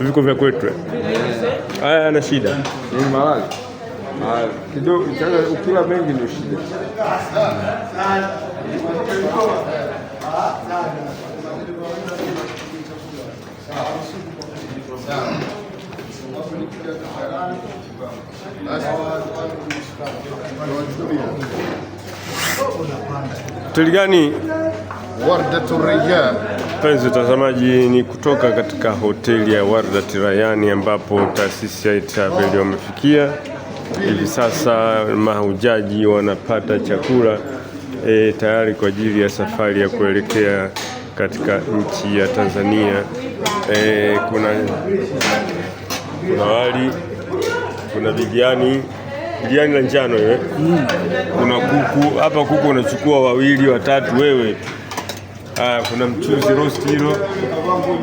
Viko vya kwetu haya ana shida ni malali ah, kidogo, ukila mengi ndio shida. Teli gani? Rayyan. Mpenzi mtazamaji, ni kutoka katika hoteli ya Wardatul Rayyan ambapo taasisi ya travel wamefikia hivi sasa. Mahujaji wanapata chakula e, tayari kwa ajili ya safari ya kuelekea katika nchi ya Tanzania e, kuna, kuna wali, kuna biryani biryani la njano iwe mm. Kuna kuku hapa, kuku unachukua wawili watatu wewe. Aa, ah, kuna mchuzi roast hilo,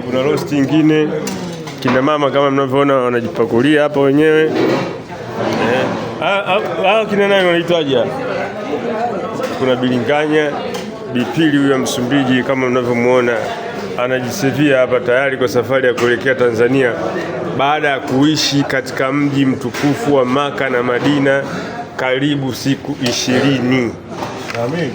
kuna roast nyingine. Kina mama kama mnavyoona wanajipakulia hapa wenyewe eh. Aa, ah, ah, kina nani wanaitwaje? Kuna bilinganya bipili huyo Msumbiji kama mnavyomuona anajisifia hapa tayari kwa safari ya kuelekea Tanzania baada ya kuishi katika mji mtukufu wa Maka na Madina karibu siku ishirini. Amin.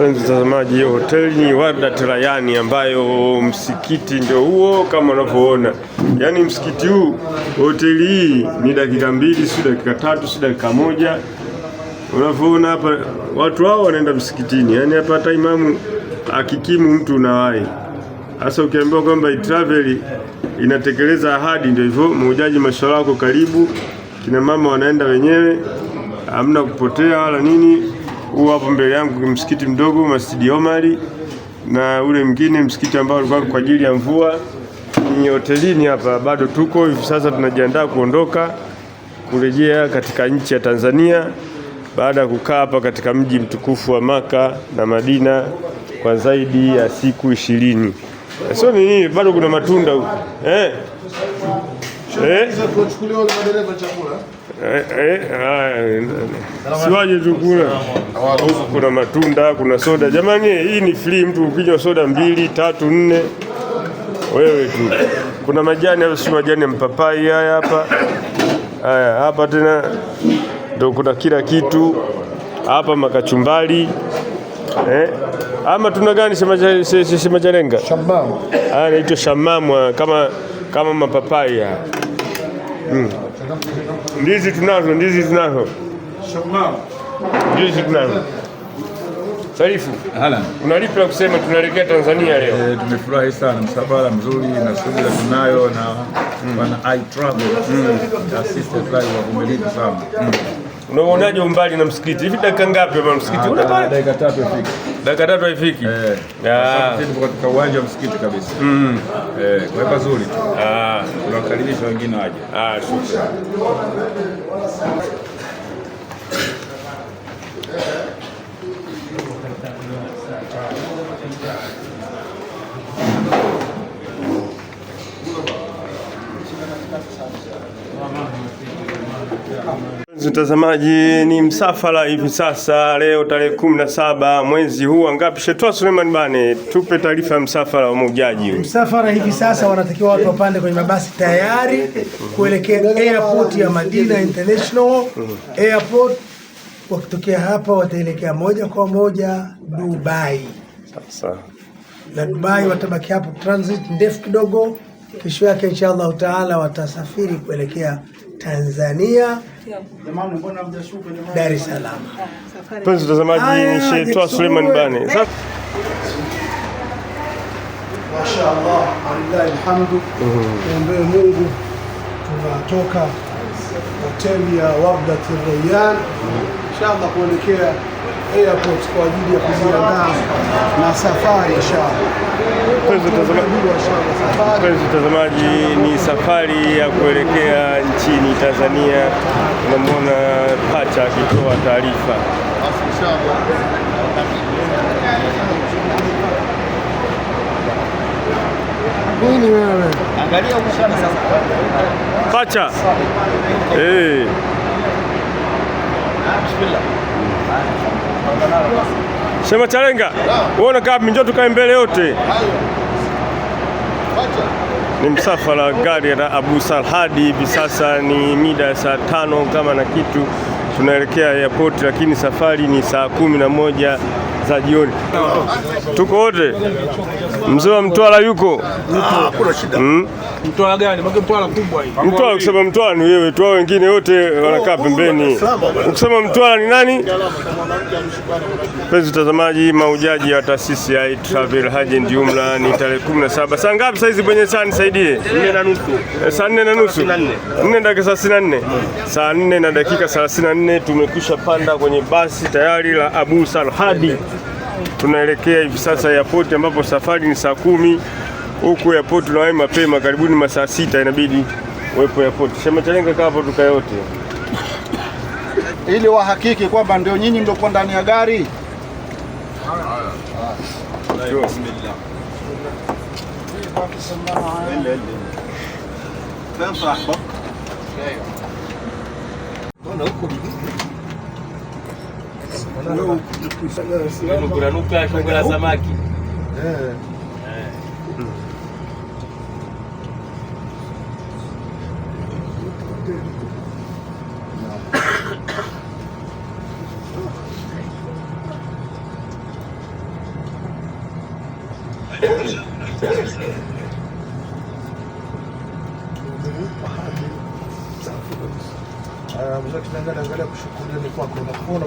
Mpenzi mtazamaji, hiyo hoteli ni Warda Trayani, ambayo msikiti ndio huo kama unavyoona. Yaani msikiti huu, hoteli hii ni dakika mbili, si dakika tatu, si dakika moja. Unavyoona hapa, watu hao wanaenda msikitini. Yaani hapa hata imamu akikimu mtu unawahi. Sasa ukiambiwa kwamba travel inatekeleza ahadi, ndio hivyo. mhujaji mashauri karibu. Kina mama wanaenda wenyewe, hamna kupotea wala nini. Huu hapo mbele yangu msikiti mdogo Masjidi Omari, na ule mwingine msikiti ambao ulikuwa kwa ajili ya mvua ni hotelini hapa. Bado tuko hivi sasa, tunajiandaa kuondoka kurejea katika nchi ya Tanzania baada ya kukaa hapa katika mji mtukufu wa Maka na Madina kwa zaidi ya siku ishirini. Sio nini, bado kuna matunda huko eh? Eh? siwaje tu kula huku, kuna matunda, kuna soda. Jamani, hii ni free, mtu ukinywa soda mbili tatu nne, wewe tu. Kuna majani hapa, si majani ya mpapai haya hapa. Haya hapa tena ndo kuna kila kitu hapa, makachumbali eh? ama tuna gani shemajalenga shamamu, naitwa shamamu kama, kama mapapai haya mm. Ndizi tunazo, ndizi tunazo, ndizi tunazo. Sarifu, unalipi la kusema? Tunaelekea Tanzania leo. E, tumefurahi sana, msafara mzuri na shughuli tunayo na mm. wana I travel mm. assist taasisi wa wavumilivu sana. Mm. Unaonaje umbali na msikiti hivi, dakika ngapi? Msikiti ah, una dakika tatu fika dakika tatu haifiki eh, ah. katika uwanja wa msikiti kabisa. Mm. Eh, kwa hiyo pazuri tu. Ah, tunakaribisha wengine waje. Ah, shukrani. Mtazamaji, ni msafara hivi sasa, leo tarehe kumi na saba mwezi huu ngapi? Shetwa Suleiman Bane, tupe taarifa ya msafara wa mahujaji. Msafara hivi sasa wanatakiwa watu wapande kwenye mabasi tayari kuelekea airport ya Madina International Airport. Wakitokea hapa wataelekea moja kwa moja Dubai sasa, na Dubai watabaki hapo transit ndefu kidogo, kesho yake insha taala watasafiri kuelekea Tanzania, Dar es Salaam. Mpenzi mtazamaji, Sheikh Suleiman Bane. Mashaallah, Mungu, tunatoka hoteli ya Wabdat Rayyan, inshallah kuelekea airport kwa ajili ya kujiandaa na safari mpenzi mtazamaji, ni safari ya kuelekea nchini Tanzania. Unamwona pacha akitoa taarifa nini wewe? Angalia Pacha. Eh. Bismillah. Sema Chalenga, uone unakaa njoo tukae mbele yote. Ni msafara wa gari la Abu Salhadi. Hivi sasa ni mida ya saa tano kama na kitu, tunaelekea airport, lakini safari ni saa kumi na moja za jioni. Tuko wote, mzee wa Mtwara yuko mm. Mtwara kusema Mtwara ni wewe tu, wengine wote wanakaa pembeni. Ukisema Mtwara ni nani? Mpenzi mtazamaji, maujaji wa taasisi ya Travel Agent jumla ni tarehe 17. Saa ngapi sasa hizi kwenye saa nisaidie? Eh, saa nne na nusu, nne dakika 34, saa nne na dakika 34 tumekwisha panda kwenye basi tayari la Abu Salhadi tunaelekea hivi sasa yapoti, ambapo safari ni saa kumi huku yapoti tunawahi mapema, karibuni masaa sita inabidi wepo yapoti. Chama cha lenga kaa hapo tuka yote ili wahakiki kwamba ndio nyinyi ndio kwa ndani ya gari kuna nuka shongo la samaki kushukuru eh. ni kwako, nakuona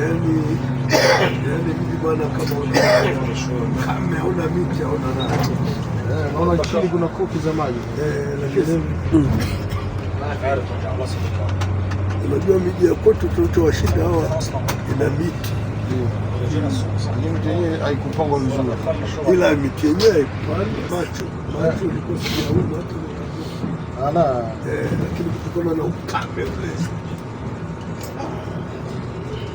yani, yani mimi bwana, kama hauna miti hauna nani. Naona eh, chini kuna koki za maji, eh, unajua miji ya kwetu tulichowashinda hawa ina miti miti yenyewe haikupangwa vizuri, ila miti yenyewe macho macho ilikuwa sijauma, eh, lakini kutokana na ukame ule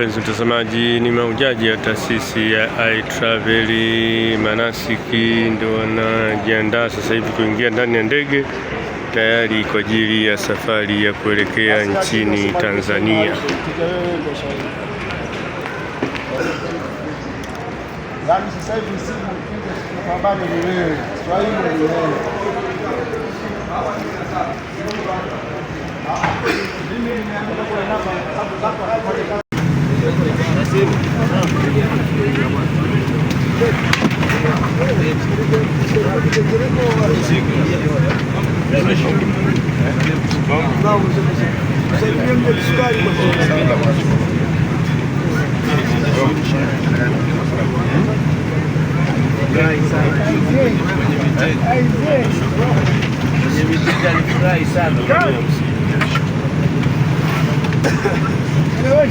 mpenzi mtazamaji, ni maujaji ya taasisi ya I Travel Manasiki ndio wanajiandaa sasa hivi kuingia ndani ya ndege tayari kwa ajili ya safari ya kuelekea nchini Tanzania. Yaani Yavaş.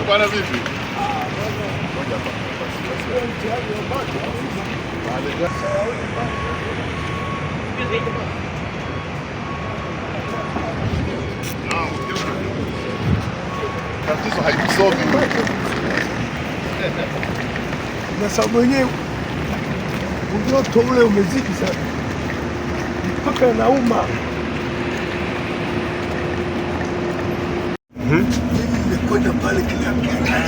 Eh, bwana vipi? Tatizo haikusomi na saa mwenyewe ujoto ule umezidi sana mpaka nauma. Hmm? koyacağım balık ya.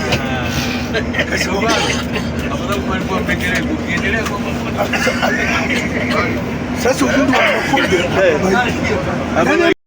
¿Cómo